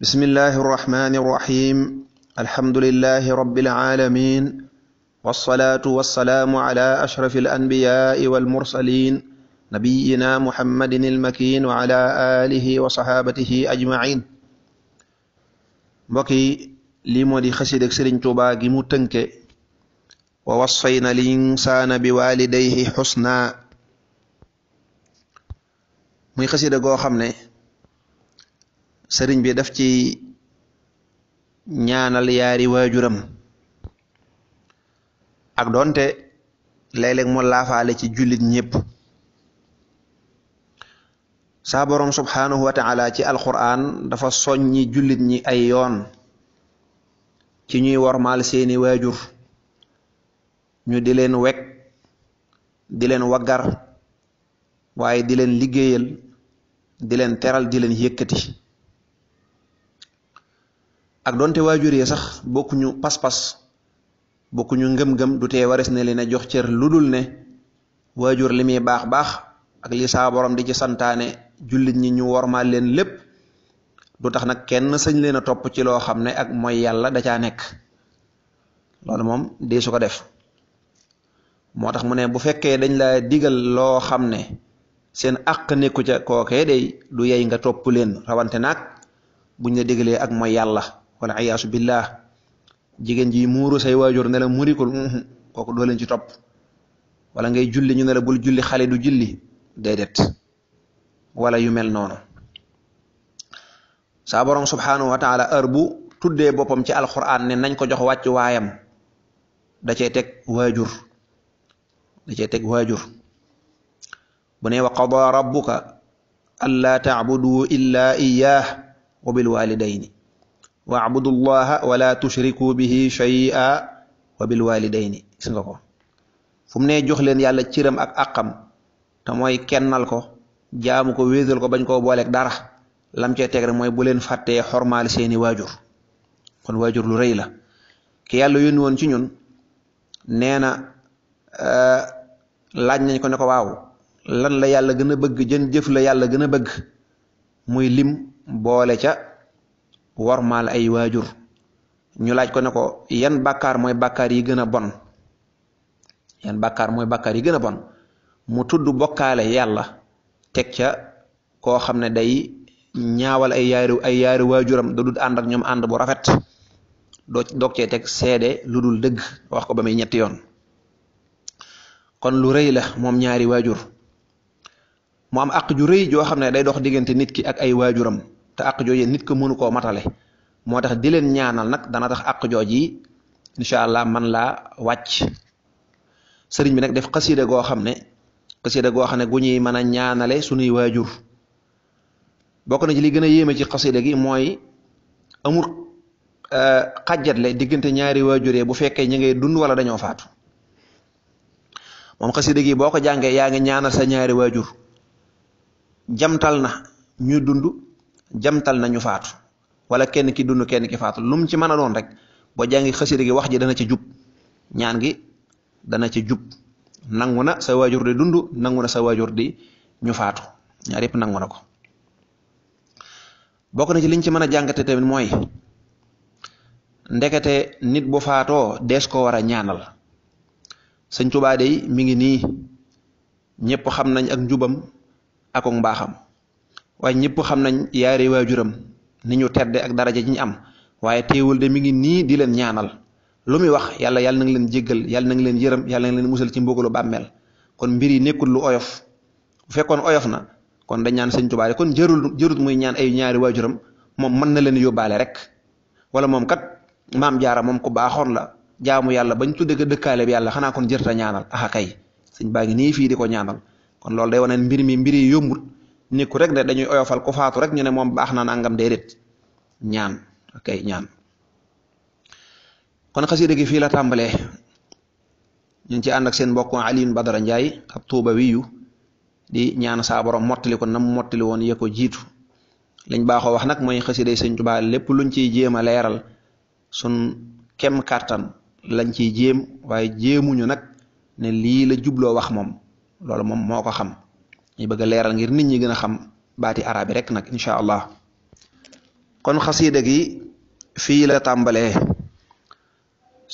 bismillahi irrahmani irrahim alhamdulilahi rabiilalamin walsalaatu walsalaamu ala ashrafi alanbiyaai walmursalin nabiyina muhammadin ilmakin wa ala alihi wa sahaabatihi ajmain lii moo di xasiideg Sëriñ mu tënke wa wassayna linsaana bi waalidayhi muy xasiida goo ne sëriñ bi daf ci ñaanal yaari waajuram ak doonte léeg-léeg mu laafaale ci jullit ñépp saa boroom subhaanahu wa taala ci alquran dafa soññi jullit ñi ay yoon ci ñuy wormaal seeni waajur ñu di leen wekk di leen waggar waaye di leen liggéeyal di leen teral di leen yëkkati ak donte waajur yi sax bokkuñu pas-pas bokkuñu ngëm-ngëm du tee waris ne leen a jox cër lu dul ne waajur li muy baax baax ak li saa di ci santaane jullit ñi ñu wormaal leen lépp du tax nag kenn sëñ leen a topp ci loo xam ne ak mooy yàlla da caa nekk loolu moom dee su ko def moo tax mu ne bu fekkee dañ la digal loo xam ne seen àq nekku ca kookee day du yey nga topp leen rawante nag buñ la digalee ak mooy yàlla wala ayaasu billah jigéen ji muru say waajur ne la murikul uhuh, kooku doo leen ci topp wala ngay julli ñu ne la bul julli xale du julli déedéet wala yu mel noonu saa borom subhaanahu wa bu tuddee boppam ci alquran ne nañ ko jox wàcc waayam da cee teg waajur da cee teg waajur bu ne wa qada rabbuka allaa taabudu illaa iyaah wa bil wa'budu llaha wala tushriku bihi shay'a wa bil walidayni gis nga ko fu mu ne jox leen yàlla ciram ak àqam te mooy kennal ko jaamu ko wéetal ko bañ koo booleeg dara lam cee teg mooy bu leen fàttee xormaal seeni waajur kon waajur lu rëy la ki yàlla yónni woon ci ñun nee na eh, laaj nañ ko ne ko waaw lan la yàlla gën a bëgg jën jëf la yàlla gën a bëgg muy lim boole ca wormaal ay waajur ñu laaj ko ne ko yan bakkaar mooy bakkaar yi gën a bon yan bàkkaar mooy bàkkaar yi gën a bon mu tudd bokkaale yàlla teg ca koo xam ne day ñaawal ay yaari ay waajuram da dul ànd ak ñoom ànd bu rafet doo dog cee teg seede lu dul dëgg wax ko ba muy ñetti yoon kon lu rëy la moom ñaari waajur mu am àq ju rëy joo xam ne day dox diggante nit ki ak ay waajuram te àq jooju nit ko mënu koo matale moo tax di leen ñaanal nag dana tax ak jooj yi incha allah man laa wàcc sëriñ bi nag def xasida goo xam ne xasida goo xam ne gu ñuy mën a ñaanale suñuy waajur bokk na li gën a yéeme ci xasida gi mooy amul euh, xàjjatle diggante ñaari waajuree bu fekkee ñu ngay dund wala dañoo faatu moom xasida gi boo ko jàngee yaa ngi ñaanal sa ñaari waajur jamtal na ñu dund jamtal na ñu faatu wala kenn ki dund kenn ki faatu lu ci mën a doon rek boo jàngi xasida gi wax ji dana ci jub ñaan gi dana ci jub nangu na sa waajur di dund nangu na sa waajur di ñu faatu ñaar yëpp nangu na ko bokk na ci liñ ci mën a jàngate tamit mooy ndekete nit bu faatoo dees ko war a ñaanal sëñ Tuubaa mi ngi nii ñëpp xam nañ ak njubam ak mbaaxam waaye ñëpp xam nañ yaari waajuram ni ñu tedde ak daraja ji ñu am waaye teewul de mi ngi nii di leen ñaanal lu muy wax yàlla yàlla na leen jéggal yàlla na leen yërëm yàlla na leen musal ci mbugalu bàmmeel kon mbir yi nekkul lu oyof bu fekkoon oyof na kon dañ ñaan sëñ Tuubaa kon jërul jërut muy ñaan ay ñaari waajuram moom mën na leen yóbbaale rek wala moom kat maam jaara moom ku baaxoon la jaamu yàlla bañ tudde ko dëkkaale yàlla xanaa kon jërta ñaanal axa kay sëñ baa ngi nii fii di ko ñaanal kon loolu day wane mbir mi mbir yi nekku rek ne dañuy oyofal ku faatu rek ñu ne moom baax na nangam déedéet ñaan kay ñaan kon xasida gi fii la tàmbalee ñu ngi ci ànd ak seen mbokk Alioune Badara Ndiaye ab tuuba wiyu di ñaan saa borom mottali ko nam mottali woon yee ko jiitu liñ baaxoo wax nag mooy xasiday sëñ Tuubaa lépp luñ ciy jéem a leeral sun kem kàttan lañ ciy jéem waaye jéemuñu nag ne lii la jubloo wax moom loolu moom moo ko xam ñu bëgg a leeral ngir nit ñi gën a xam baati arabi rek nag incha allah kon xasiida gi fii la tàmbalee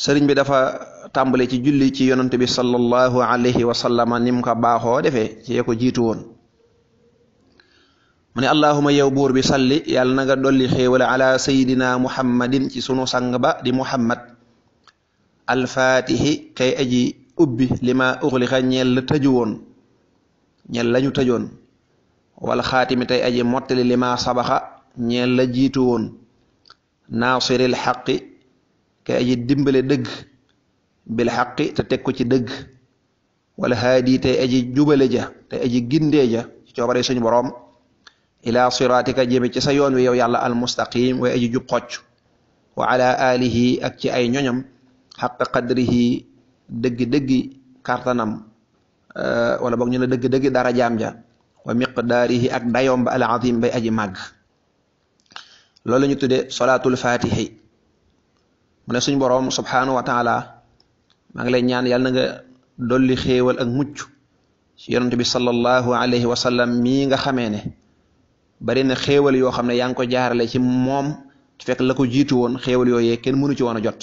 sëriñ bi dafa tàmbale ci julli ci yonent bi sallallahu alayhi wa nim ko baaxoo defee ci ko jiitu woon mu ne allahuma yow buur bi salli yàlla na nga dolli xéewal ala sayidina muhammadin ci sunu sang ba di muhammad alfaatihi kay aji ubbi lima uxliqa ñeel la woon ñeel lañu tajoon wala xaatimi tey aji mottali lima sabaxa ñeen la jiitu woon naasiril xaqi kay aji dimbale dëgg bil xaqi te teg ko ci dëgg wala haadi tey aji jubale ja tey aji gindee ja ci coobare suñu boroom ila siraatika jëme ci sa yoon wi yow yàlla al mustaqim way aji jub xocc wa ala ak ci ay ñoñam xaqa qadrihi dëggi dëggi kartanam Euh, wala boog ñu ne dëgg-dëgg dara jaam ja wa miqdaarihi ak dayoom ba al azim bay aji màgg loolu la ñu tuddee salaatul fatihi mu boroom subhaanahu wa taala maa ngi lay ñaan yàlla na nga dolli xéewal ak mucc si yonent bi sallallahu alayhi wa sallam nga xamee ne bari na xéewal yoo xam ne yaa ngi ko jaarale ci moom fekk la ko jiitu woon xéewal yooyee kenn mënu ci woon a jot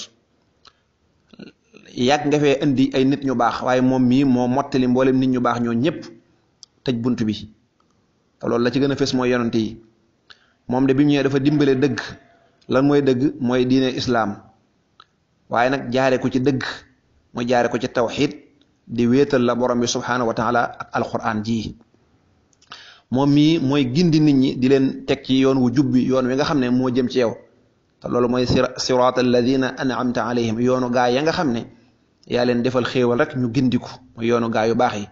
yàgg nga fee indi ay nit ñu baax waaye moom mii moo mottali mboolem nit ñu baax ñoo ñëpp tëj bunt bi te loolu la ci gën a fës mooy yonante yi moom de bi mu ñëwee dafa dimbale dëgg lan mooy dëgg mooy diine islaam waaye nag jaare ko ci dëgg mu jaare ko ci tawxid di wéetal la borom bi subhaanahu wa taala ak alquran ji moom mii mooy gindi nit ñi di leen teg ci yoon wu jubbi yoon wi nga xam ne moo jëm ci yow te loolu mooy siraat alladina an'amta alayhim yoonu gaa ya nga xam ne yaa leen defal xéewal rek ñu gindiku mooy yoonu gaa yu baax yi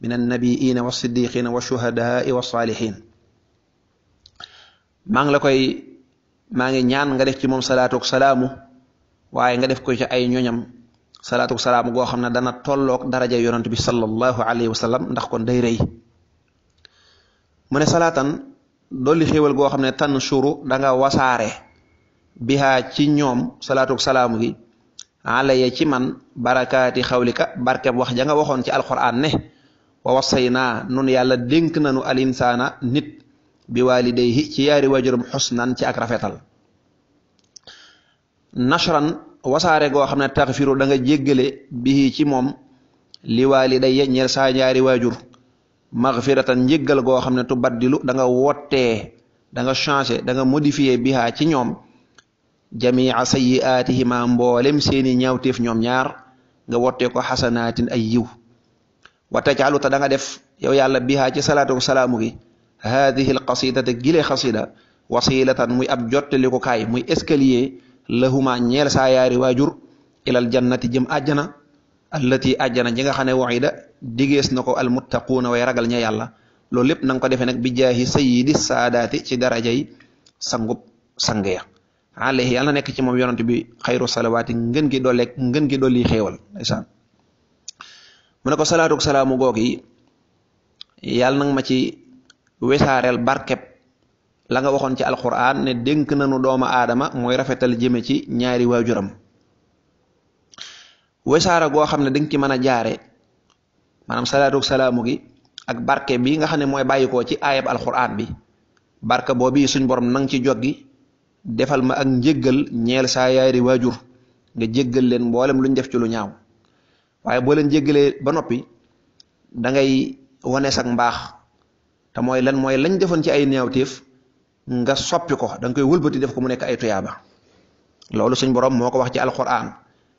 min annabiina wa siddiqina wa shuhadaai wa saalihin maa ngi la koy maa ngi ñaan nga def ci moom salaatu salaamu waaye nga def ko ci ay ñooñam salaatu salaamu goo xam ne dana tolloog daraja yonent bi sallallahu alayhi wa sallam ndax kon day rëy mu ne salaatan dolli xéewal goo xam ne tan suru danga wasaare bihaa ci ñoom salaatu salaamu gi alaya ci man barakaati xawlika barkeb wax ja nga waxoon ci alquran ne wa wasaynaa nun yàlla dénk nanu al insaana nit bi walidayhi ci yaari wajurum xusnan ci ak rafetal nashran wasaare goo xam ne taxfiru da danga jéggale bii ci moom li waalidayya ñeel saa ñaari waajur magfiratan njéggal goo xam ne tubaddilu da nga wottee da nga changé da nga modifié ci ñoom jamia sayiaatihima mboolem seeni ñaawteef ñoom ñaar nga wottee ko xasanaatin ay yiw wa tajcalu ta danga def yow yàlla bihaa ci salaatu salaamu gi haadihi alqasidata gile xasida wasilatan muy ab jottaliku kaay muy escalier lahuma ñeel saa yaari waajur ilal jannati jëm àjjana allati àjjana ji nga xam ne waxida digees na ko al almuttaquuna way ragal ña yàlla loolu lépp na nga ko defee nag bi jaahi sayidi saadaati ci darajay sangub sangeya alayhi yàlla na nekk ci moom yonante bi xayru salawaati ngën gi doole ngën gi dolli xéewal ndeysaan mu ne ko salaatu salaamu goog yi yàlla nag ma ci wesaareel barkeb la nga waxoon ci alquran ne dénk nanu doomu aadama mooy rafetal jëme ci ñaari waajuram wesaara goo xam ne dañ ci mën a jaare maanaam salaatu salaamu gi ak barke bi nga xam ne mooy bàyyikoo ci aayab alquran bi barke bi suñ borom nang ci gi defal ma ak njëggal ñeel saa yaari waajur nga jéggal leen mboolem luñ def ci lu ñaaw waaye boo leen jéggalee ba noppi dangay ngay wane sak mbaax te mooy lan mooy lañ defoon ci ay ñaawteef nga soppi ko da koy wëlbati def ko mu nekk ay tuyaaba loolu suñ borom moo ko wax ci alquran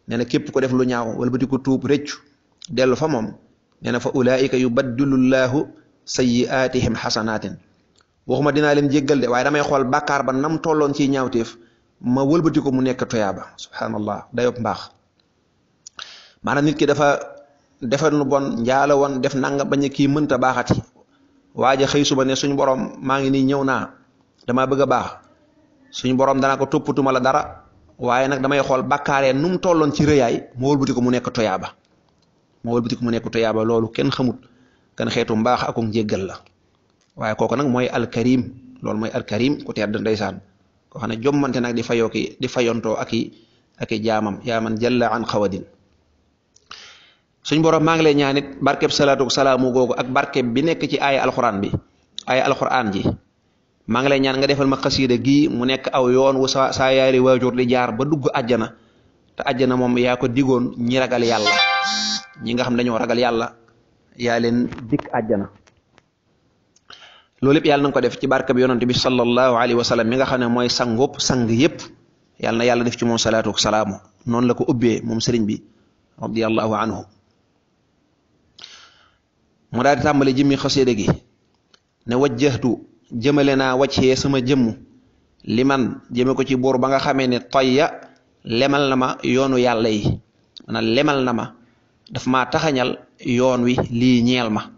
nee na képp ko def lu ñaaw wëlbati ko tuub rëccu dellu fa moom nee na fa ulaika yubaddilu llahu sayyi'atihim hasanaatin waxuma dinaa leen jéggal de waaye damay xool bakkaar ba nam tolloon ci ñaawteef ma wëlbati ko mu nekk toyaaba subhaanallah dayob mbaax maanaam nit ki dafa defar nu bon njaala woon def nanga bañ a kii mënta baaxati waa ja xëy suba ne suñu borom maa ngi nii ñëw naa damaa bëgg a baax suñu borom danaa ko toppatuma la dara waaye nag damay xool bàkkaaree nu mu tolloon ci rëyaay ma wëlbati ko mu nekk toyaaba ma wëlbati ko mu nekk toyaaba loolu kenn xamut kan xeetu mbaax akum jéggal la waaye kooku nag mooy alkarim loolu mooy alkarim ku tedd ndeysaan koo xam ne jommante nag di fayoo ki di fayontoo ak i jaamam yaaman man jalla an xawadin suñ borom maa ngi lay ñaan it barkeb salaatu salaamu googu ak barkeb bi nekk ci aaya alxuraan bi aaya alxuraan ji maa ngi lay ñaan nga defal ma xasiida gi mu nekk aw yoon wu sa saa yaari waajur di jaar ba dugg àjjana te àjjana moom yaako digoon ñi ragal yàlla ñi nga xam dañoo ragal yàlla yaa leen dikk àjjana loolu yëpp yàlla na ko def ci barke bi yonante bi sallallahu alayhi wa sallam mi nga xam ne mooy sangub sang yëpp yàlla na yàlla def ci moom salaatu wa salaamu noonu la ko ubbee moom sëriñ bi radiyallahu anhu mu daal di tàmbali jëmmi xasida ne wajjahtu jëmale naa wàccee sama jëmm li man jëme ko ci buur ba nga xamee ne toyya lemal na ma yoonu yàlla yi maanaam lemal na ma daf ma taxañal yoon wi lii ñeel ma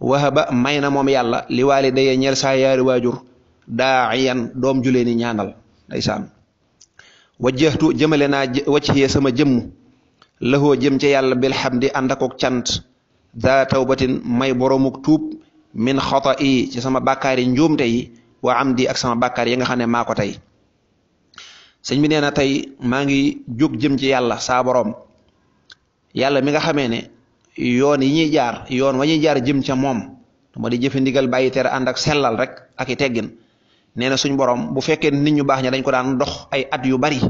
wahaba may na moom yàlla li waalidayya ñeel saa yaari waajur daa yan doom ju leen ni ñaanal ndeysaan wajjahtu jëmale naa wajhiya sama jëmm lahoo jëm ci yàlla bil hamdi ànd ak cant daa tawbatin may boromuk tuub min xota sama bàkkaar yi tey yi waa am di ak sama bàkkaar yi nga xam ne maa ko tey sëñ bi nee na tey maa ngi jóg jëm ci yàlla saa borom yàlla mi nga xamee ne yoon yi ñuy jaar yoon wa ñuy jaar jëm ca moom moo di jëfe ndigal bàyyi tere sellal rek ak i teggin nee na suñ borom bu fekkee nit ñu baax ña dañ ko daan dox ay at yu bari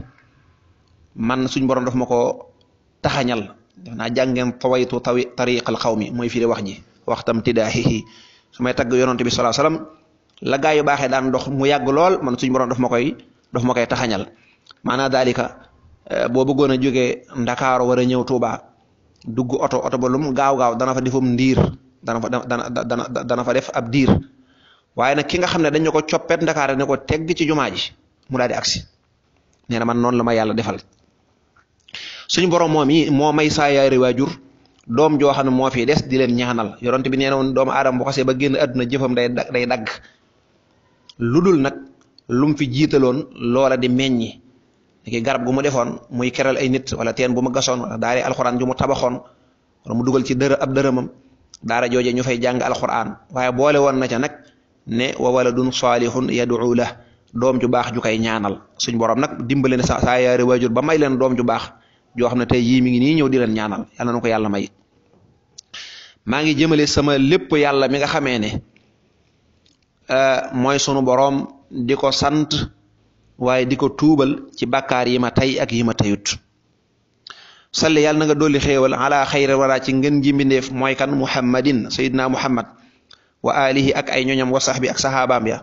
man suñ borom dof ma ko taxañal def naa jàngeen tawaytu tawi tariqal xawmi mooy firi wax ji waxtam tidaahihi su may tagg yonante bi salaa salaam la yu baaxee daan dox mu yàgg lool man suñ borom daf ma koy daf ma koy taxañal maanaa daalika eh, boo bëggoon a jógee Ndakaaru war a ñëw Tuubaa dugg oto oto ba lum gaaw gaaw dana fa defum ndiir dana fa dana dana dana fa def ab diir waaye nag ki nga xam ne dañu ko coppet ndakaar ne ko tegg ci jumaa mu daal di agsi nee na man noonu la ma yàlla defal suñ borom moom yi moo may saa yaari waajur doom joo xam ne moo fi des di leen ñaanal yonent bi nee na woon doomu aadama bu xasee ba génn àdduna jëfam day day dagg lu dul nag lum fi jiitaloon loola di meññi léegi garab gu mu defoon muy keral ay nit wala teen bu mu gasoon wala daaree alxuraan ju mu tabaxoon wala mu dugal ci dërë ab dërëmam daara jooje ñu fay jàng alxuraan waaye boole woon na ca nag ne wa waladun salihun yad'u la doom ju baax ju koy ñaanal suñ borom nag dimbale na sa saa yaari waajur ba may leen doom ju baax joo xam tey yii mi ngi nii ñëw di leen ñaanal yal na ko yàlla may maa ngi yàlla mi nga xamee ne euh, mooy sunu borom di sant. waaye di ko tuubal ci bàkkaar yi ma tey ak yi ma teyut salli yàlla na nga dolli xéewal ala xayra wara ci ngën ji mbindeef mooy kan muhammadin sayidna muhammad wa alihi ak ay ñoñam wa saxbi ak saxaabaam ya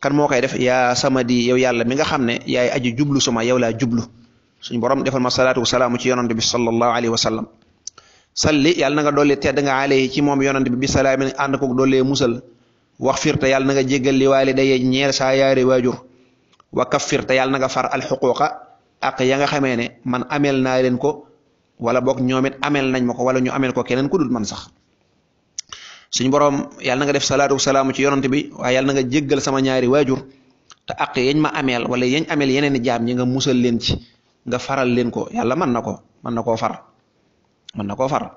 kan moo koy def yaa samadi yow yàlla mi nga xam ne yaay aji jublu suma yow laa jublu suñu borom defal ma salaatu wa salaamu ci yonante bi sallallahu alayhi wa sallam salli yàlla na nga dolli nga ci moom yonante bi bi salaamin ànd koog dollee musal wax firte yàlla na nga jéggal li waali daye ñeer saa yaari waajur wa kaffir te yàlla na nga far alxuquqa ak ya nga xamee ne man ameel naa leen ko wala boog ñoom ameel nañ ma ko wala ñu ameel ko keneen ku dul man sax suñu boroom yàlla nga def salaatu salaamu ci yonante bi waaye yàlla nga jéggal sama ñaari waajur te ak yañ ma ameel wala yañ ameel yeneen i jaam ñi nga musal leen ci nga faral leen ko yàlla man na ko mën na koo far mën na koo far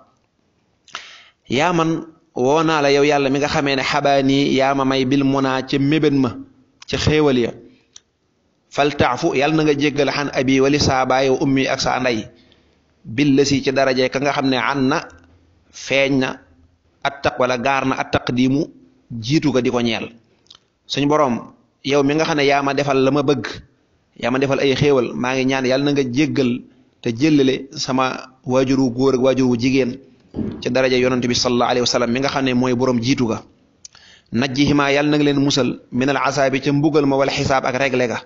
yaa man woo naa la yow yàlla mi nga xamee ne xabaani yaa ma may bil munaa ca mébét ma ca xéewal ya faltaafu yàlla na nga jéggale xan abi wali saa baay wa ummi ak saa billa si ci daraje ka nga xam ne an na feeñ na attaq wala gaar na attaq diimu jiitu ko di ko ñeel suñu borom yow mi nga xam ne yaa ma defal la ma bëgg yaa ma defal ay xéewal maa ngi ñaan yàlla na nga jéggal te jëllale sama waajur wu góor ak wu jigéen ci daraja yonent bi sallallahu alayhi wa sallam mi nga xam ne mooy borom jiitu ga najjihimaa yàlla na nga leen musal minal asaabi ca mbugal ma wala xisaab ak regle ga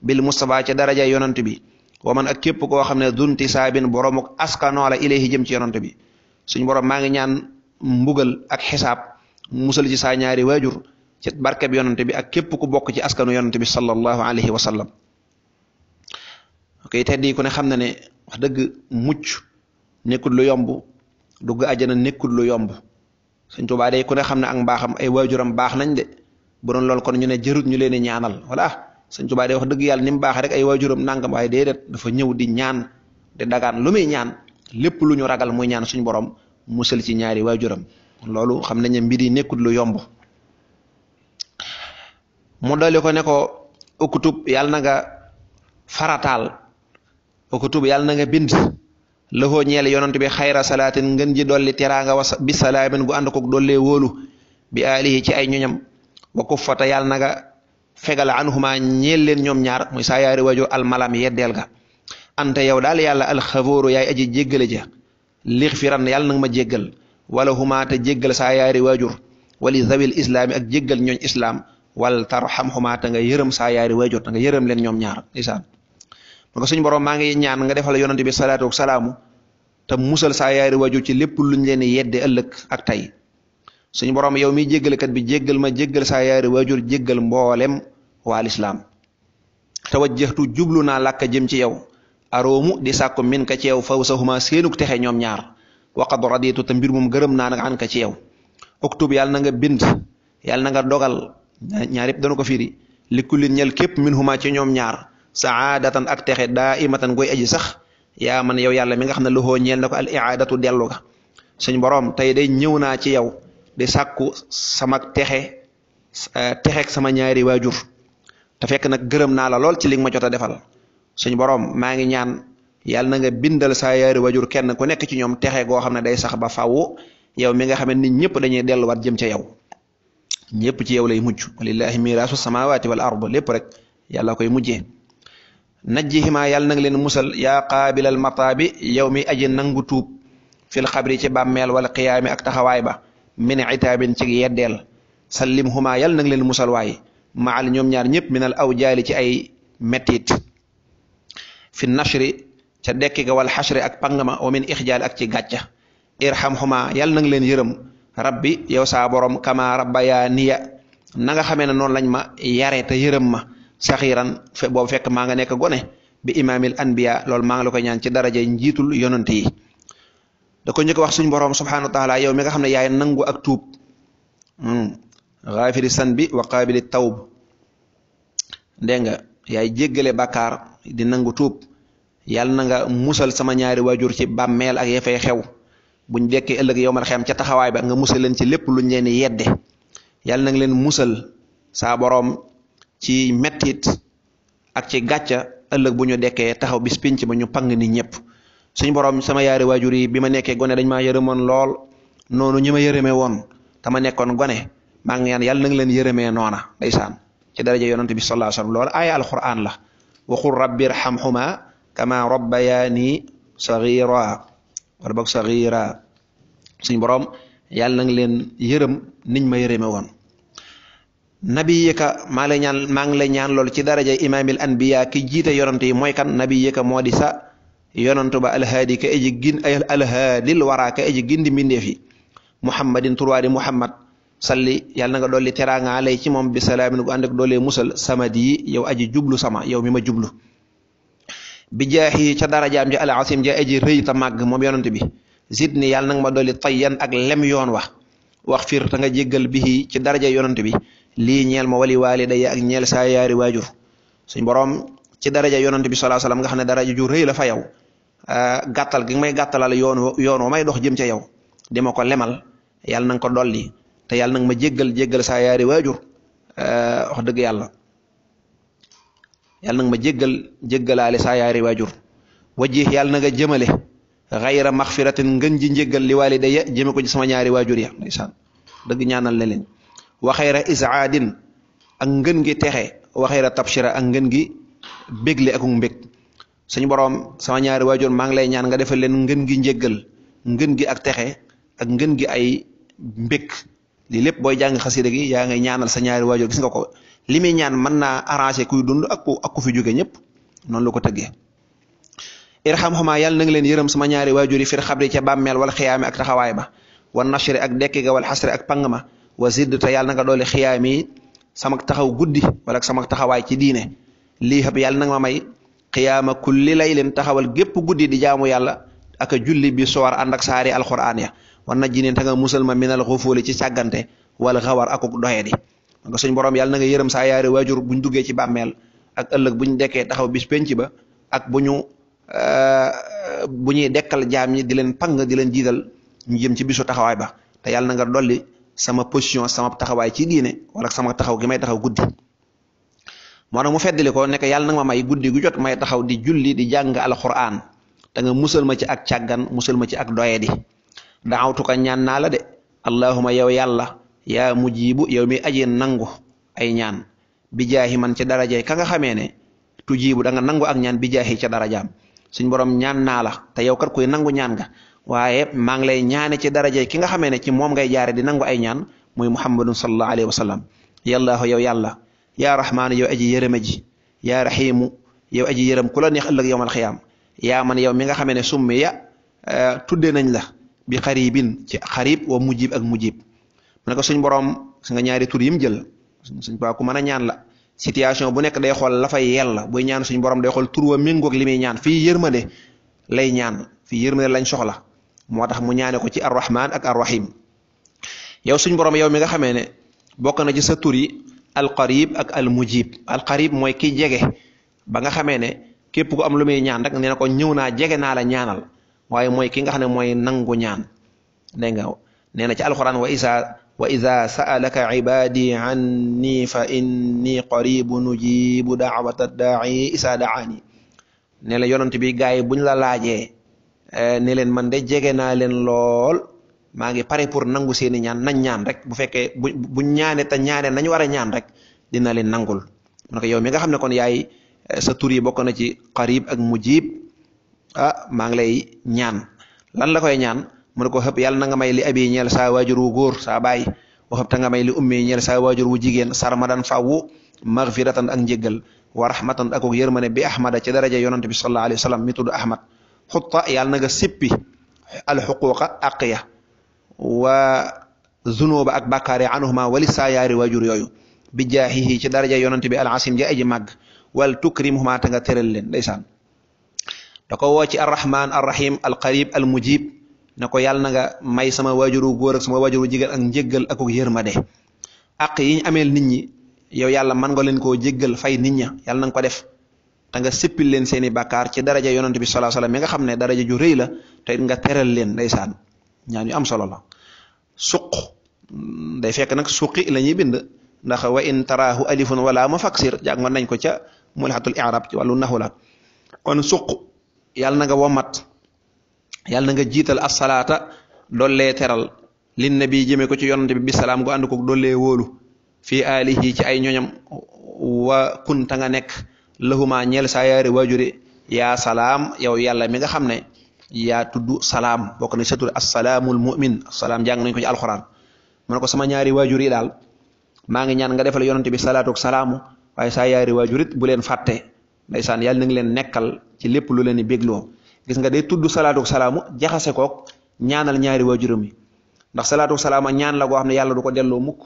bil Mustafa ca daraja yonant bi wa man ak képp koo xam ne dunti saabin boromuk askanoo la ilayhi jëm ci yonant bi suñu borom maa ngi ñaan mbugal ak xisaab musal ci saa ñaari waajur ci barkeb yonante bi ak képp ku bokk ci askanu yonante bi sallallahu alayhi wa sallam ok di ku ne xam na ne wax mucc nekkul lu yomb dugg àjjana nekkul lu yomb Sëñ Tuubaa day ku ne xam ne ak mbaaxam ay waajuram baax nañ de bu doon loolu kon ñu ne jërut ñu leen ñaanal voilà sëñ Tuubaa day wax dëgg yàlla ni mu baaxee rek ay waajuram nangam waaye déedéet dafa ñëw di ñaan di dagaan lu muy ñaan lépp lu ñu ragal muy ñaan suñu borom musal ci ñaari waajuram loolu xam na ne mbir yi nekkul lu yomb mu dolli ko ne ko ukutub yàlla na nga farataal ukutub yàlla na nga bind lëxoo ñeel yonent bi xayra salaatin ngën ji dolli teraanga wa bi gu ànd koog dollee wóolu bi aalihi ci ay ñoñam wa kuffata yàlla na nga fegala anhuma ñeel leen ñoom ñaar muy saa yaari waajur almalam yeddeel ga ante yow daal yàlla alxafóoru yaay aji jéggale ja liix firan yàlla nag ma jéggal wala huma te jéggal saa yaari waajur wali zawil islaami ak jéggal ñooñ islaam wal tarxam huma te nga yërëm saa yaari waajur te nga yërëm leen ñoom ñaar isaan ma ko suñu borom maa ngi ñaan nga defal yonante bi salaatu salaamu ta musal saa yaari waajur ci lépp luñ leen yedde ëllëg ak tey suñu borom yow miy jéggalekat bi jéggal ma jéggal saa yaari waajur jéggal mboolem waa lislaam tawajjahtu jublu naa làkka jëm ci yow aroomu di sàkku min ka ci yow faw sahuma seenuk texe ñoom ñaar waqad raditu ta mbir moom gërëm naa nag an ka ci yow uktub yàlla na nga bind yàlla na nga dogal ñaar yëpp dana ko firi li kullin ñel képp min huma ci ñoom ñaar sa saadatan ak texe daa imatan koy aji sax yaa man yow yàlla mi nga xam ne loxoo ñeel na ko al iadatu tey day ñëw naa ci yow di sàkku sama texe eh, texe sama ñaari waajur te fekk nag gërëm naa la lool ci li nga ma jot a defal suñu borom maa ngi ñaan yàlla na nga bindal saa yaari waajur kenn ku nekk ci ñoom texe goo xam ne day sax ba faaw yow mi nga xam ne nit ñëpp dañuy delluwaat jëm ca yow ñëpp ci yow lay mujj walillahi sama samawaati wal ard lépp rek yàlla koy mujjee najjihima yàlla na nga leen musal yaa qaabilal bi yow mi aji nangu tuub fil xabri ci bàmmeel wala qiyaami ak taxawaay ba. min itaabin ci yeddeel sallim huma yal nang leen musal waay maal ñoom ñaar ñëpp minal aw jaali ci ay mettit fi nashri ca dekki ga wal xashri ak pangama wa min ixjaal ak ci gàcca irham huma yal nang leen yërëm rabbi yow saa borom kama rabbaya niya nanga xamee ne noonu lañ ma yare te yërëm ma saxiiran fe boobu fekk maa nga nekk gone bi imaamil anbiya loolu maa ngi la koy ñaan ci daraja njiitul yonante yi da ko njëkk wax suñu boroom subhanahu wa taala yow mi nga xam ne yaay nangu ak tuub hmm. xaafiri san bi wa qaabili tawb dégg nga yaay jéggale bàkkaar di nangu tuub yàlla na nga musal sama ñaari waajur ci bàmmeel ak yafay xew buñ dekkee ëllëg yow mal xam ca taxawaay bi nga musal leen ci lépp lu leen yedde yàlla na leen musal saa boroom ci mettit ak ci gàcca ëllëg bu ñu dekkee taxaw bis pinc ba ñu pang nii ñëpp suñ borom sama yaari waajur yi bi ma nekkee gone dañ maa yërëmoon lool noonu ñi ma yërëmee woon tama nekkoon gone maa ngi ñaan yàlla na nga leen yërëmee noona ndeysaan ci daraja yonante bi sallallahu alayhi wasallam loolu aaya alquran la waxul rabbi irhamhuma kama rabbayaani sagira wala boog sagira suñ borom yàlla na leen yërëm niñ ma yërëme woon nabi yëka maa ngi lay ñaan maa ñaan loolu ci daraja imaamil anbiya ki jiite yonante yi mooy kan nabi yëka moo di sa yonantu ba alhaadi ka eji gin alhaadil wara ka eji gindi mbindeef yi muhammadin turwaadi muhammad salli yàlla na nga dolli teraanga alay ci moom bi salaamin gu ànd ak doolee musal samad yi yow aji jublu sama yow mi ma jublu bi jaaxi ca darajaam ji al asim ja aji rëy ta màgg moom yonant bi zidni yàlla na nga ma dolli yan ak lem yoon wa wax fiir ta nga jéggal bi ci daraja yonant bi lii ñeel ma wali da ak ñeel saa yaari waajur suñ boroom ci daraja yonant bi salaa salaam nga xam ne daraja ju rëy la fa yow Euh, gàttal gi may gàttalal yoon yoon may dox jëm ca yow di ko lemal yàlla na nga ko dolli te yàlla na ma jéggal jéggal saa yaari waajur euh, wax dëgg yàlla yàlla na ma jéggal jéggalaale saa yaari waajur wajjih yàlla na nga jëmale xayra maxfiratin ngën ji njéggal li waalidaya jëme ko ci sama ñaari waajur ya dëgg ñaanal na leen wa xayra isaadin ak ngën gi texe wa xayra tabshira ak ngën gi bégle akum mbég suñu boroom sama ñaari waajur maa ngi lay ñaan nga defal leen ngën gi njëgal ngën gi ak texe ak ngën gi ay mbékk lii lépp booy jàng xasida gi yaa ngay ñaanal sa ñaari waajur gis nga ko li muy ñaan mën naa arrangé kuy dund ak ku ak ku fi jóge ñëpp noonu la ko tëggee irham xuma yàlla na nga leen yërëm sama ñaari waajur yi fir xabri ca bàmmeel wal xiyaami ak taxawaay ba wa nashri ak dekki ga wal xasri ak pang ma wa zidd te yàlla na nga doole xiyaami sama taxaw guddi wala sama taxawaay ci diine lii xab yàlla nga may qiyaama kulli leen taxawal gépp guddi di jaamu yàlla ak julli bi soor ànd ak saari alxuraan ya war na jineen ta nga musal ma minal xufuuli ci càggante wala xawar akuk doxee di nga suñ borom yàlla na nga yërëm saa yaari waajur buñ duggee ci bàmmeel ak ëllëg buñ dekkee taxaw bis penc ba ak bu ñu euh, bu ñuy dekkal jaam ñi di leen pang di leen jiital ñu ci bisu taxawaay ba te yàlla na nga dolli sama position sama taxawaay ci diine wala sama taxaw gi may taxaw guddi moo tax mu feddali ko nekk yàlla na nga may guddi gu jot may taxaw di julli di jàng alxuraan te nga musal ma ci ak càggan musal ma ci ak doyadi daawtuka ñaan naa la de allahuma yow yàlla yaa mujibu yow mi aji nangu ay ñaan bi jaahi man ci daraje ka nga xamee ne tujibu da nga nangu ak ñaan bi jaahi ca darajaam suñ borom ñaan naa la te yow kat kuy nangu ñaan ga waaye maa ngi lay ñaane ci daraje ki nga xamee ne ci moom ngay jaare di nangu ay ñaan muy muhammadun sallallahu alayhi wasalaam sallam yàllaahu yow yàlla yaa rahmaanu yow aji yërëma ji yaa rahimu yow aji yërëm ku la neex ëllëg yowmal xiyaam man yow mi nga xamee ne summi ya eh, tuddee nañ la bi xaribin ci xarib wa mujib ak mujib mu ne ko suñ borom su nga ñaari tur yi mu jël suñ baa ku mën a ñaan la situation bu nekk day xool lafay fay yella buy ñaan suñ borom day xool tur wa méngoog li muy ñaan fii yërmande lay ñaan fii yërmande lañ soxla moo tax mu ñaane ko ci arrahman ak arrahim yow suñ borom yow mi xamee ne bokk na sa tur yi alqarib ak almujib alqarib mooy kii jege ba nga xamee ne képp ku am lu muy ñaan rek nee ko ñëw naa jege naa la ñaanal waaye mooy ki nga xam ne mooy nangu ñaan dégg nga nee na ci alquran wa isa wa ida saalaka ibadi anni fa inni qaribu nujibu daawata daai isa daani ne la yonent bi gars yi buñ la laajee eh, ne leen man de jege naa leen lool maa ngi pare pour nangu seeni ñaan nañ ñaan rek bu fekkee bu bu ñaane te ñaane nañu war a ñaan rek dina leen nangul mu yow mi nga xam ne kon yaay eh, sa tur yi bokk na ci qarib ak mujib ah maa ngi lay ñaan lan la koy ñaan mu ne ko xëpp yàlla na nga may li abi ñeel saa waajur wu góor saa baay wa xëpp ta nga may li ummi ñeel saa waajur wu jigéen sarmadan fawwu magfiratan ak njéggal wa rahmatan ak yërmane bi ahmada ci daraja yonante bi sallallahu alayhi wa sallam mi tudd ahmad xutta yàlla na nga sippi alxuquqa aqiya waa zunuba ak bàkkaare ma wali saa yaari waajur yooyu bi jaahihi ci daraja yonante bi alacim ja aji màgg wal tukrimhuma ta nga tëral leen ndeysaan da ko woo ci arrahman arrahim alqarib almujib ne ko yàlla na nga may sama waajuru góor ak sama waajuru jigal ak njéggal ak yërmande ak yi ñu ameel nit ñi yow yàlla man nga leen koo jéggal fay nit ña yàlla na nga ko def te nga sippil leen seeni bàkkaar ci daraja yonante bi salaa salaam mi nga xam ne daraja ju rëy la te nga teral leen ndeysaan ñaan yu am solo la suq day fekk nag suqi la ñuy bind ndax wa in taraahu alifun wala ma faksir jàngoon nañ ko ca mulhatul i'rab ci wàllu naxu la kon suq yàlla na nga womat yàlla na nga jiital salaata asalaata lee teral lin bi jëmee ko ci yonante bi bisalaam gu ànd ko doollee wóolu fii aalihi ci ay ñoñam wa kunta nga nekk lahuma ñeel saa yaari waajuri salaam yow yàlla mi nga xam ne yaa tudd salaam bokk na sa tur asalaamul mu'min salaam jàng nañ ko ci alxuraan mu ko sama ñaari waajur yi daal maa ngi ñaan nga defal yonante bi salaatu ak salaamu waaye saa yaari waajurit bu leen fàtte ndaysaan yàlla na leen nekkal ci lépp lu leen di bégloo gis nga day tudd salaatu ak salaamu jaxase kook ñaanal ñaari waajuram yi ndax salaatu ak salaam ñaan la goo xam ne yàlla du ko delloo mukk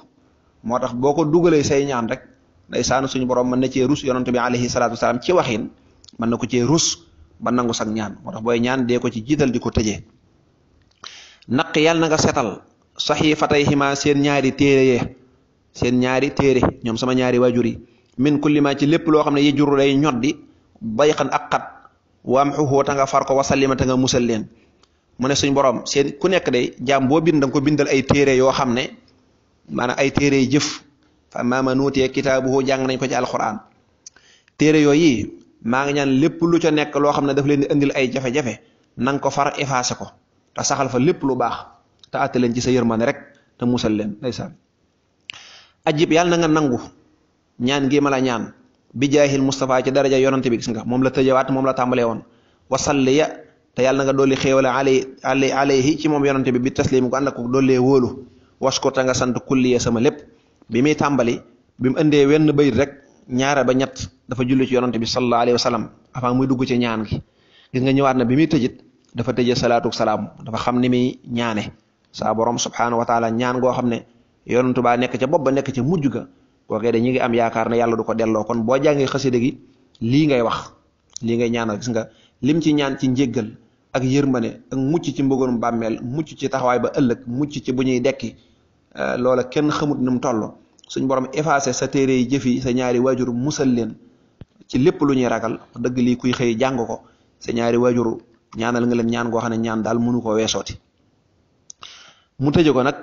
moo tax boo ko dugalee say ñaan rek nday ndaysaan suñu borom mën na cee rus yonante bi alayhi salaatu wasalaam ci waxin mën na ko cee rus ba nangu sag ñaan moo booy ñaan dee ko ci jiital di ko tëjee naq yàlla na nga setal saxiifatay ximaa seen ñaari téere yee seen ñaari téere ñoom sama ñaari waajur yi min kulli ma ci lépp loo xam ne yi juru day ñoddi bayxan ak xat waam xuxoo ta nga far ko wasallima ta nga musal leen mu ne suñ borom seen ku nekk day jaam boo bind da ko bindal ay téere yoo xam ne maanaam ay téere jëf fa maama nuutee kitaabuhu jàng nañ ko ci alquran téere yooyu maa ngi ñaan lépp lu ca nekk loo xam ne daf leen di indil ay jafe-jafe na ko far effacé ko te saxal fa lépp lu baax te àtte ci sa yërmande rek te musal leen ndeysaan ajib yàlla na nga nangu ñaan gii a la ñaan bi jaahil Moustapha ci daraja yonante bi gis nga moom la tëjawaat moom la tàmbalee woon wasalli ya te yàlla na nga dolli xéewale alay alayhi ci moom yonante bi bi taslim ko ànd ak ko dollee wóolu waskur ta nga sant kulliya sama lépp bi muy tàmbali bi mu indee wenn bayit rek ñaara ba ñett dafa julli ci yonante bi sallallahu alayhi wa sallam avant muy dugg ci ñaan gi gis nga ñëwaat na bi muy tëjit dafa tëjee salaatu salaam dafa xam ni muy ñaane saa borom subhaanahu wa taala ñaan goo xam ne yonantu baa nekk ca bopp ba nekk ci mujj ga kookee da ñu ngi am yaakaar ne yàlla du ko delloo kon boo jàngee xasida gi lii ngay wax lii ngay ñaanal gis nga lim ci ñaan ci njéggal ak yërmane ak mucc ci mbëggoon bàmmeel mucc ci taxawaay ba ëllëg mucc ci bu ñuy dekki eh, loola kenn xamut ni mu toll suñ borom effacé sa téere yi jëf sa ñaari waajur musal leen ci lépp lu ñuy ragal dëgg lii kuy xëy jàng ko sa ñaari waajur ñaanal nga leen ñaan goo ne ñaan daal mënu ko weesooti mu tëje ko nag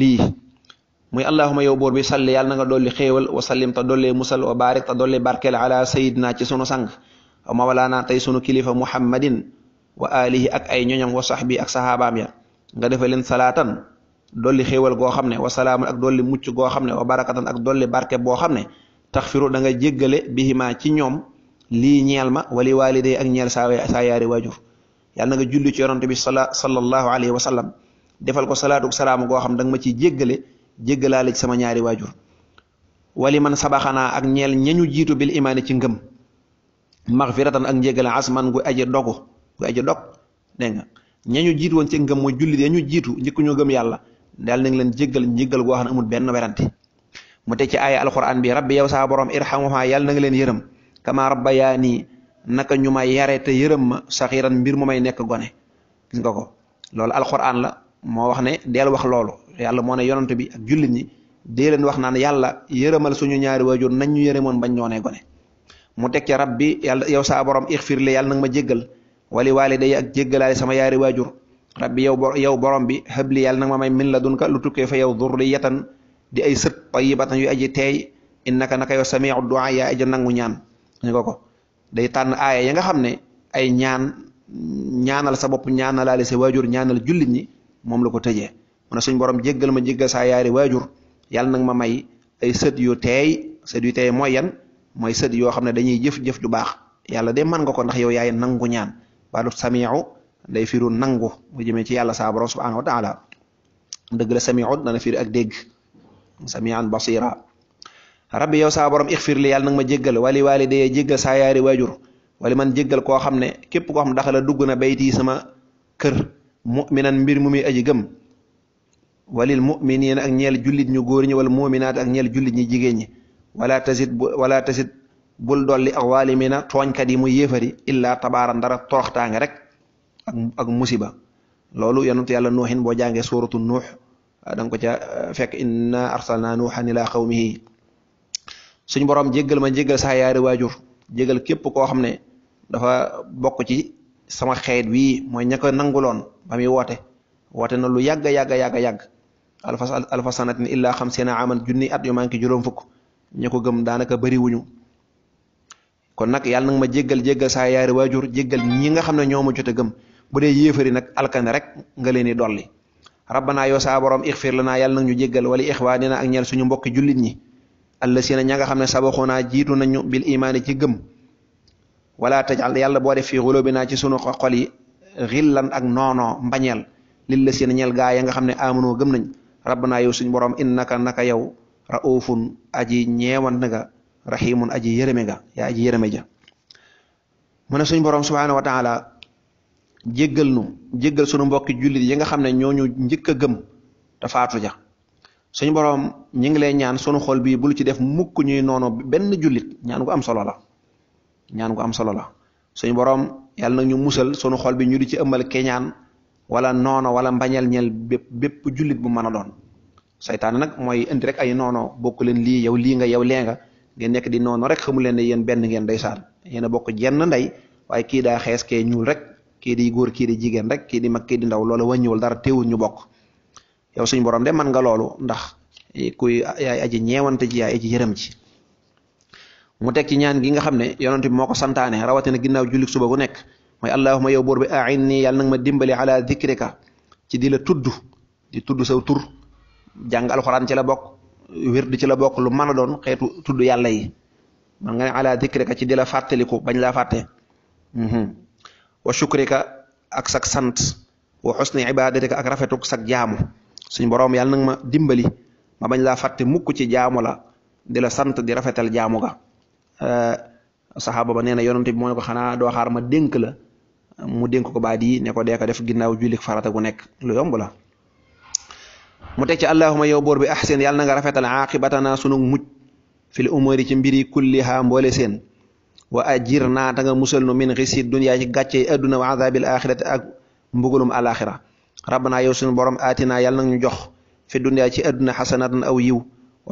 lii muy allahuma yow boor bi salli yàlla na nga dolli xéewal musal wa barik te dollee barkeel ala sayidina ci sunu sang mawlaana tey sunu kilifa muhammadin wa alihi ak ay ñoñam wa sahbi ak sahabaam ya nga defa leen salaatan dolli xéewal goo xam ne wa wasalaamun ak dolli mucc goo xam ne wa barakatan ak dolli barke boo xam ne taxfiru da nga jéggale bihima ci ñoom lii ñeel ma wali waalidee ak ñeel saa saa yaari waajur yàlla nga julli ci bi sala sallallahu alayhi wa sallam defal ko salaatu salaam goo xam da nga ma ciy jéggale jéggalaale ci sama ñaari waajur wali man sabaxanaa ak ñeel ñañu jiitu bil imaane ci ngëm maxfiratan ak njéggale asman gu aji dogu gu aji dog dégg nga ñañu jiitu woon ci ngëm mooy ñu jiitu njëkk ñoo yàlla yàlla na leen jéggal njéggal goo xam ne amul benn werante mu teg ci aaya alquran bi rabbi yow saa borom irhamuha yàlla na nga leen yërëm kama rabbayaani naka ñu ma yare te yërëm ma saxiran mbir mu may nekk gone gis nga ko loolu alquran la moo wax ne deel wax loolu yàlla moo ne yonent bi ak jullit ñi dee leen wax naan yàlla yërëmal suñu ñaari waajur nañ ñu yërëmoon bañ ñoo ne gone mu teg ci rabbi yàlla yow saa borom ixfir li yàlla ma jéggal wali waalidayya ak jéggalaale sama yaari waajur rabbi yow yow borom bi xëbli yàlla nag ma may min la dun ka lu tukkee fa yow durriyatan di ay sët tayibatan yu aji teey innaka naka yow samiu duaa yaa aji nangu ñaan ñu ko ko day tànn aaya ya nga xam ne ay ñaan ñaanal sa bopp ñaanalaale sa waajur ñaanal jullit ñi moom la ko tëjee mu ne suñ borom jéggal ma jéggal saa yaari waajur yàlla nag ma may ay sët yu teey sët yu teey mooy yan mooy sët yoo xam ne dañuy jëf-jëf ju baax yàlla de man nga ko ndax yow yaay nangu ñaan baadu samiu day firu nangu mu jëmee ci yàlla saa borom subhanahu wa taala dëgg la samiun dana ak dégg samian basira rabbi yow saa borom ixfir yàlla nag ma jéggal wali waalidayee jéggal saa yaari waajur wali man jéggal koo xam ne képp koo xam daxala dugg na bayti sama kër muminan mbir mu muy aji gëm walil ak ñeel jullit ñu góor ñi wala muminaat ak ñeel jullit ñi jigéen ñi wala tasit wala tasit bul dolli ak waalimina tooñkat yi mu yéefari illa tabaaran dara toroxtaange rek ak musiba loolu yonentu yàlla nuuxin boo jàngee suuratu nuux ah, da nga ca eh, fekk inna arsalna laa ila xawmihi suñ boroom jéggal ma jéggal saa yaari waajur jéggal képp koo xam ne dafa bokk ci sama xeet wii mooy ña ko nanguloon ba muy woote woote na lu yàgg yàgg yàgg yàgg alfa alfa sanatin illaa xamsiina aman junni at yu juróom fukk ña gëm daanaka bëri kon nag yàlla nag ma jéggal jéggal saa yaari waajur jéggal ñi nga xam ne ñoo ma jot a gëm bu dee yéefari nag alkane rek nga leen di dolli rabbanaa yoo saa borom ixfir lanaa yàlla nag ñu jéggal wala ixwaanina ak ñeel suñu mbokki jullit ñi allasiina ña nga xam ne sabaxoonaa jiitu nañu bil imaani ci gëm wala tajal yàlla boo def fii xulóobinaa ci sunu xol yi xillan ak noonoo mbañeel lillasiina ñeel gaa ya nga xam ne amunoo gëm nañ rabbanaa yow suñu borom innaka naka yow raufun aji ñeewant nga rahimun aji yërëme nga yaa aji yërëme ja mu ne suñu borom jéggal nu jéggal sunu mbokki jullit yi nga xam ne ñoo ñu njëkk a gëm te faatu ja suñu boroom ñi ngi lay ñaan sunu xol bii bul ci def mukk ñuy noonu benn jullit ñaan gu am solo la ñaan gu am solo la suñu boroom yàlla na ñu musal sunu xol bi ñu di ci ëmbal keñaan wala noono wala mbañeel ñeel bépp bépp jullit bu mën a doon seytaane nag mooy indi rek ay noono bokk leen lii yow lii nga yow lee nga ngeen nekk di noono rek xamu leen ne yéen benn ngeen ndeysaan yéen a bokk jenn ndey waaye rek kii di góor kii di jigéen rek kii di mag kii di ndaw loolu wàññiwul dara teewul ñu bokk yow suñu boroom de man nga loolu ndax kuy yaay aji ñeewante ji yaay aji yërëm ci mu teg ci ñaan gi nga xam ne yonent moo ko santaane rawatina ginnaaw jullit suba gu nekk mooy allahuma yow buur bi a'inni yàlla nang ma dimbali ala dikrika ci di la tudd di tudd saw tur jàng alxuraan ci la bokk wird ci la bokk lu mën a doon xeetu tudd yàlla yi man nga ne ala dikrika ci di la fàtte mhm. wa shukrika ak sag sant wa xusni ibadatika ak rafetuk sag jaamu suñ boroom yàlla nag ma dimbali ma bañ laa fàtte mukk ci jaamu la di sant di rafetal jaamu ga eh, saxaaba ba nee na yonante bi moo ne ko xanaa doo xaar ma dénk la mu denk ko baat yi ne ko dee ko def ginnaaw jullik farata gu nekk lu yomb la mu teg ci allahuma yow boor bi ahsin yàlla na nga rafetal aqibatana sunug muj fil umuri ci mbiri kulliha mboole seen wa ajir naa ta nga musal nu min xisi dunya ci gàcce yi adduna wa azabil axirati ak mbugulum alaxira rabbana yow suñu borom aatinaa yàlla nag ñu jox fi dunya ci adduna xasanatan aw yiw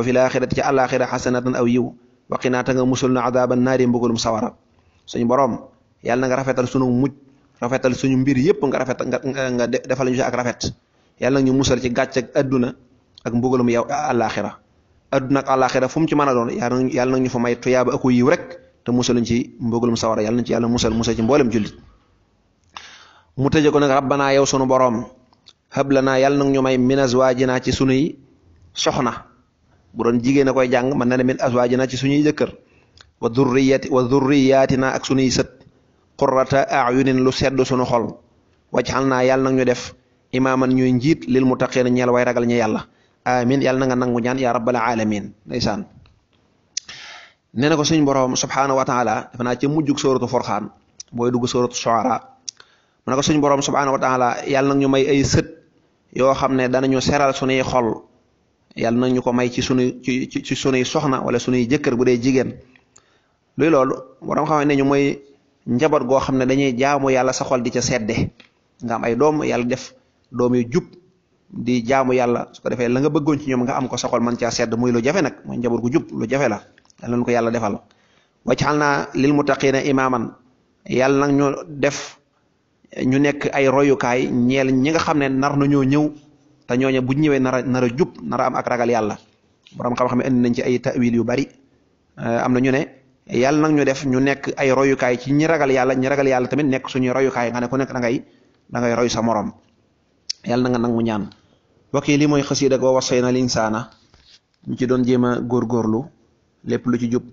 fi laaxirati ci alaxira xasanatan aw yiw waqinaa ta nga musal nu azaba naari mbugulum sawara suñu borom yàlla na nga rafetal sunu mujj rafetal suñu mbir yëpp nga rafet nga nga defal ak rafet yàlla ñu musal ci gàcce ak adduna ak mbugulum yow alaxira adduna ak alaxira fu mu ci mën a doon yàlla nag ñu fa may tuyaaba ak yiw rek te musaluñ ci mbugalum sawara yàlla na ci musal musal ci mboolem jullit mu tëje ko nag rabbana yow sunu boroom hablana yàlla nag ñu may min azwaajina ci sunuy soxna bu doon jigéen a koy jàng mën na ne min azwaajina ci suñuy jëkkër wa durriyati wa durriyaatina ak sunuy sët qurrata ayunin lu sedd sunu xol wajxal naa yàlla nag ñu def imaaman ñuy njiit lil muttaqiina ñeel way ragal ñi yàlla amin yàlla na nga nangu ñaan yaa rabbal alamin ndeysaan nee na ko suñ borom subhaanahu wa taala dafa naa ca mujjug sóoratu forxaan booy dugg sóoratu soara mu ne ko suñ borom subhaanahu wa taala yàlla nag ñu may ay sët yoo xam ne danañu seral sunuy xol yàlla nag ko may ci sunuy ci ci sunuy soxna wala sunuy jëkkër bu dee jigéen luy loolu borom xam ne ñu mooy njaboot goo xam ne dañuy jaamu yàlla sa xol di ca sedde nga am ay doom yàlla def doom yu jub di jaamu yàlla su ko defee la nga bëggoon ci ñoom nga am ko sa xol mën caa sedd muy lu jafe nag mooy njaboot gu jub lu jafe la yal nañu ko yàlla defal wajxal naa lil muttaqina imaaman yàlla nag ñu def ñu nekk ay royukaay ñeel ñi nga xam ne nar nañoo ñëw te ñooñu bu ñëwee nar a nar jub nar am ak ragal yàlla borom xam-xam indi nañ ci ay tawil yu bari eh, am na ñu ne ñu def ñu nekk ay royukaay ci ñi ragal yàlla ñi ragal yàlla tamit nekk suñuy royukaay nga ne ku nekk da ngay da sa morom yàlla na nga nangu ñaan. mbokk yi lii mooy xasiida ak wa wasayna linsaana ñu ci doon jéem a góorgóorlu. lépp lu ci jub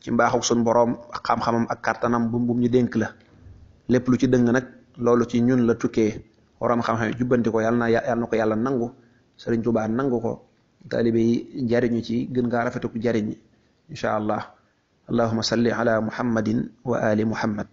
ci mbaaxuk suñ boroom xam-xamam ak kàttanam bu mu ñu dénk la lépp lu ci dëng nag loolu ci ñun la tukkee waroom xam-xam jubbanti ko yàlla na yàlla na ko yàlla nangu Sëriñ Tuubaa nangu ko taalibe yi jariñu ci gën ngaa rafetu jariñ incha allah allahuma salli ala muhammadin wa ali muhammad